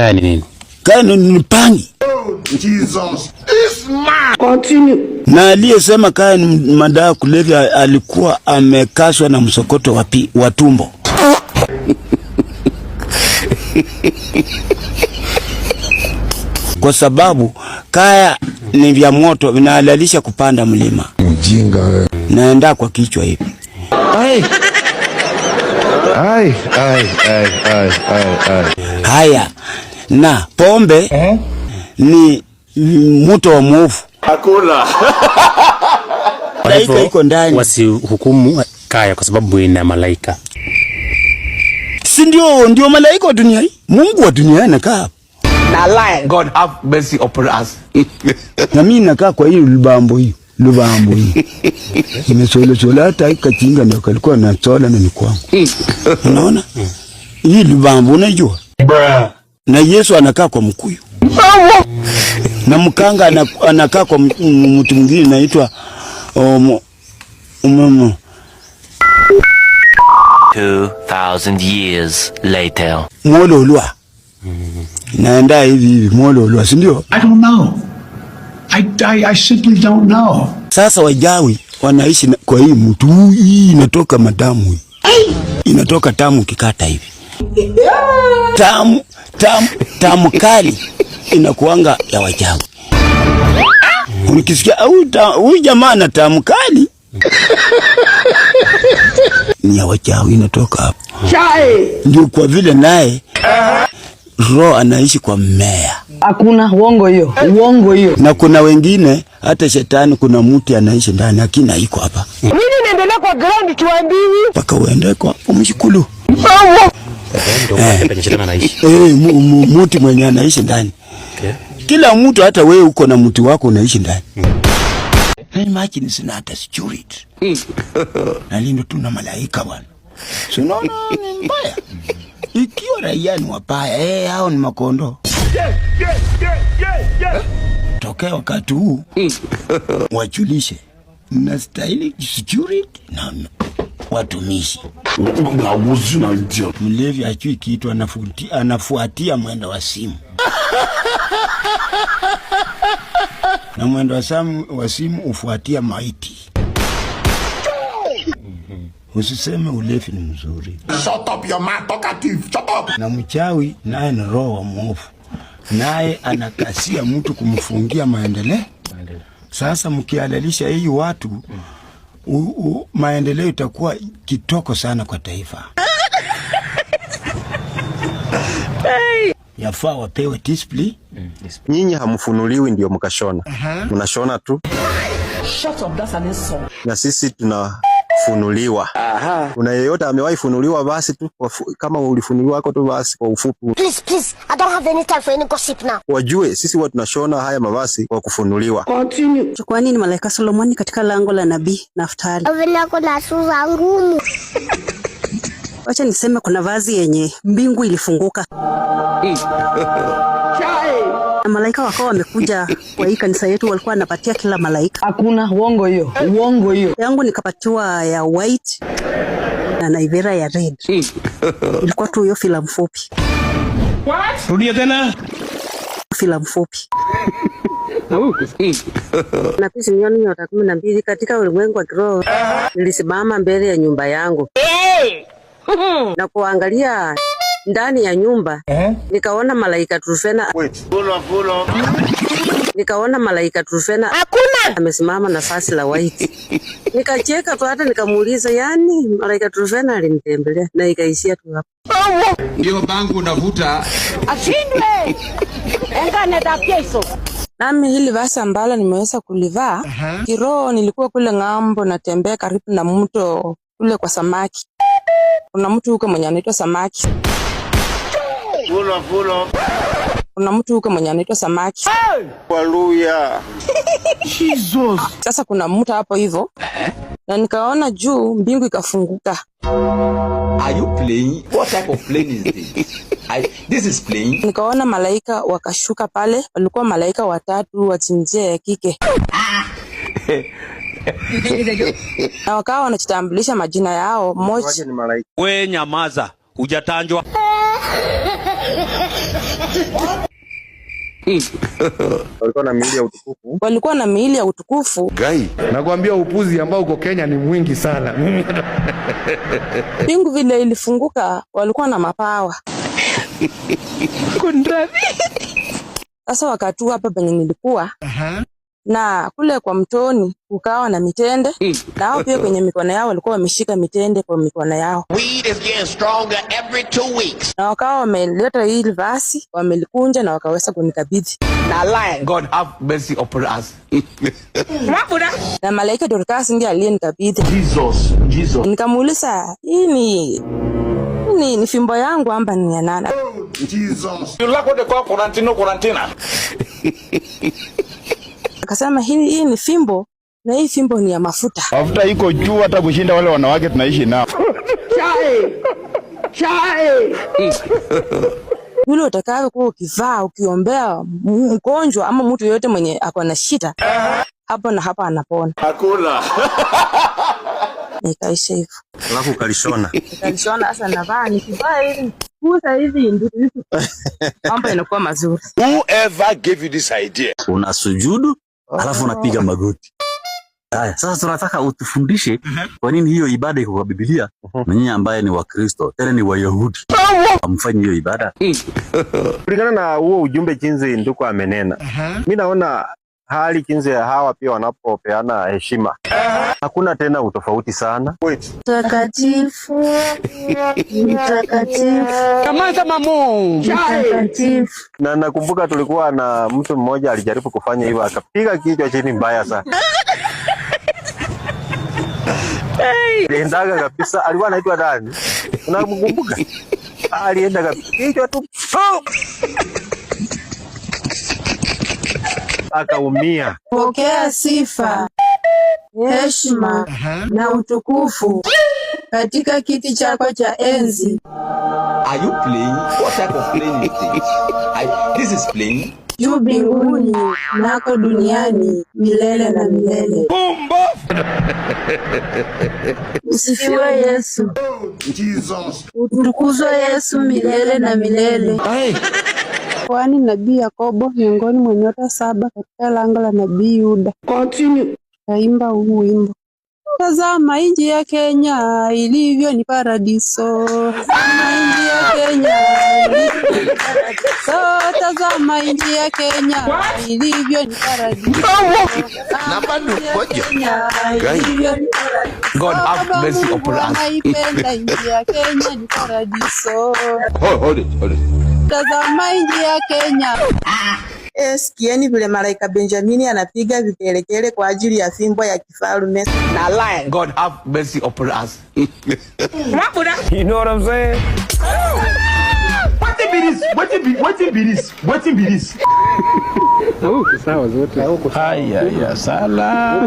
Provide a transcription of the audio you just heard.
kaya ni nini? Kaya ni pangi. Jesus. This man. Continue. Na aliyesema kaya ni madawa kulevya alikuwa amekaswa na msokoto wapi wa tumbo. Kwa sababu kaya ni vya moto vinahalalisha kupanda mlima. Mjinga wewe. Naenda kwa kichwa hivi. Ai, ai, ai, ai, ai, ai. Haya na pombe eh, ni muto wa muovu, hakuna malaika iko ndani. Wasihukumu Kaya kwa sababu ina malaika, si ndio? Ndio malaika wa dunia hii, Mungu wa dunia anakaa na lie. God have mercy upon us. Na mimi nakaa kwa hiyo lubambo hiyo lubambo hiyo imesolosola hata ikachinga ndio kalikuwa na sola na ni hmm. unaona hmm. hii lubambo, unajua bruh na Yesu anakaa kwa mkuyu na mkanga anakaa kwa mtu mwingine naitwa um, um, 2000 um, um. years later. Mwololwa. Naenda hivi hivi mwololwa, si ndio? I don't know. I, I, I simply don't know. Sasa wajawi wanaishi kwa hii mtu hii inatoka madamu hii. Inatoka tamu kikata hivi tamu tamu tamu kali inakuanga ya wajabu. Unikisikia huyu jamaa na tamu kali ni ya wachawi inatoka hapo. Ndio kwa vile naye roho anaishi kwa mmea. Hakuna uongo hiyo, uongo hiyo. Na kuna wengine hata shetani, kuna mti anaishi ndani akina iko hapa. Mimi naendelea kwa ground tuambiwi. Paka uende kwa hapo muti mwenye anaishi ndani. Kila mtu, hata wewe uko na mti wako unaishi ndani. Imagine sina hata security. Nalindo tuna malaika bwana. Si unaona ni mbaya? Ikiwa raia ni wabaya, eh, hao ni makondo. Tokea wakati huu wajulishe, mnastahili security na watumishi. Mbaguzi na mlevi achui kitu anafuatia, anafuatia mwendo wa simu na mwendo wa simu wa simu ufuatia maiti. Usiseme ulevi ni mzuri. Shut up your mouth, talkative. Shut up. Na mchawi naye ni roho wa mwovu, naye anakasia mtu kumfungia maendeleo. Sasa mkialalisha hii watu u, u, maendeleo itakuwa kitoko sana kwa taifa. Yafaa wapewe display. Mm, display. Nyinyi hamfunuliwi ndio mkashona, mnashona uh -huh. tu Shut up, that's an insult. Na sisi tuna funuliwa. Aha. Kuna yeyote amewahi funuliwa? Basi tu kama ulifunuliwa wako tu basi, kwa ufupi. Please, please, I don't have any time for any gossip now. Wajue sisi huwa tunashona haya mavazi kwa kufunuliwa. Continue. Kwa nini malaika Solomoni katika lango la nabii Naftali avinako na suza ngumu? Wacha niseme kuna vazi yenye mbingu ilifunguka malaika wakawa wamekuja kwa hii kanisa yetu, walikuwa wanapatia kila malaika. Hakuna uongo hiyo, uongo hiyo. Yangu nikapatiwa ya white na naivera ya red. Hmm. Ilikuwa tu hiyo filamu fupi. What? Rudia tena. Filamu fupi. Hmm. na pisi mioni nyota kumi na mbili katika ulimwengu wa kiroho, nilisimama mbele ya nyumba yangu na kuangalia ndani ya nyumba eh, nikaona malaika Trufena, nikaona malaika Trufena hakuna amesimama nafasi la white nikacheka tu, hata nikamuuliza, yani malaika Trufena alimtembelea na ikaishia tu hapo. Ndio bangu unavuta ashindwe engane hizo nami hili vasi ambalo nimeweza kulivaa uh -huh. Kiroho nilikuwa kule ng'ambo, natembea karibu na mto kule kwa samaki. Kuna mtu huko mwenye anaitwa Samaki vulo vulo. Kuna mtu huko mwenye anaitwa samaki hey! Waluya Jesus. Sasa kuna mtu hapo hivyo eh? Na nikaona juu mbingu ikafunguka. Are you playing? What type of plane is this? I, this is playing. Nikaona malaika wakashuka pale, walikuwa malaika watatu wa jinsia ya kike na wakawa wanajitambulisha majina yao. Moja, we nyamaza, hujatanjwa walikuwa na miili ya utukufu, walikuwa na miili ya utukufu. Gai, nakwambia upuzi ambao uko Kenya ni mwingi sana. Mbingu vile ilifunguka, walikuwa na mapawa Sasa wakati hapa penye nilikuwa uh -huh na kule kwa mtoni kukawa na mitende mm. na hao pia kwenye mikono yao walikuwa wameshika mitende kwa mikono yao, na wakawa wameleta hili vasi wamelikunja na wakaweza kunikabidhi na malaika Dorcas ndiye aliyenikabidhi. Nikamuuliza, hii ni ni, ni fimbo yangu amba ni ya nani? Oh, akasema hii, hii ni fimbo na hii fimbo ni ya mafuta. Mafuta iko juu hata kushinda wale wanawake tunaishi nao. Chai. Chai. Yule utakaye utakavyokuwa ukivaa ukiombea mgonjwa ama mtu yoyote mwenye ako na shida hapo na hapa anapona. Hakuna. Nikaisha hivyo. Alafu kalishona. Kalishona sasa navaa nikivaa hivi. Kusa hivi ndio mambo inakuwa mazuri. Whoever gave you this idea? Una sujudu? alafu ah. unapiga magoti. Haya, sasa tunataka utufundishe mhm. kwa nini hiyo ibada iko kwa Biblia na mhm. nyinyi ambaye ni Wakristo tena ni Wayahudi amfanye hiyo ibada kulingana na huo ujumbe jinsi nduko amenena. Mhm. mi naona hali kinzi ya hawa pia wanapopeana heshima, hakuna tena utofauti sana. Mtakatifu, mtakatifu. Na nakumbuka tulikuwa na mtu mmoja alijaribu kufanya hivyo, akapiga kichwa chini mbaya sana aliendaga kabisa, alikuwa anaitwa nani, unamkumbuka? Alienda kabisa kichwa tu akaumia. Pokea sifa, heshima uh -huh. na utukufu katika kiti chako cha enzi. Are you playing? What type of playing is this? I, this is playing. Juu mbinguni nako duniani milele na milele. Bumba! Usifiwe Yesu. Oh, Jesus. Utukuzwe Yesu milele na milele. Hey kwani nabii Yakobo miongoni mwa nyota saba katika lango la nabii Yuda. Kaimba huu wimbo. Tazama inji ya Kenya ilivyo ni paradiso. Tazama inji ya Kenya tazama inji ya Kenya ilivyo ni paradiso. Na bado ngoja. God have mercy upon us. Naipenda inji ya Kenya ni paradiso. hold it, hold it. Tazama inji ya Kenya. Ah, eh, sikieni vile Malaika Benjamini anapiga vikelekele kwa ajili ya fimbo ya kifalume. Na lion God have mercy upon us. You know what I'm saying? Sawa zote. Haya ya sala.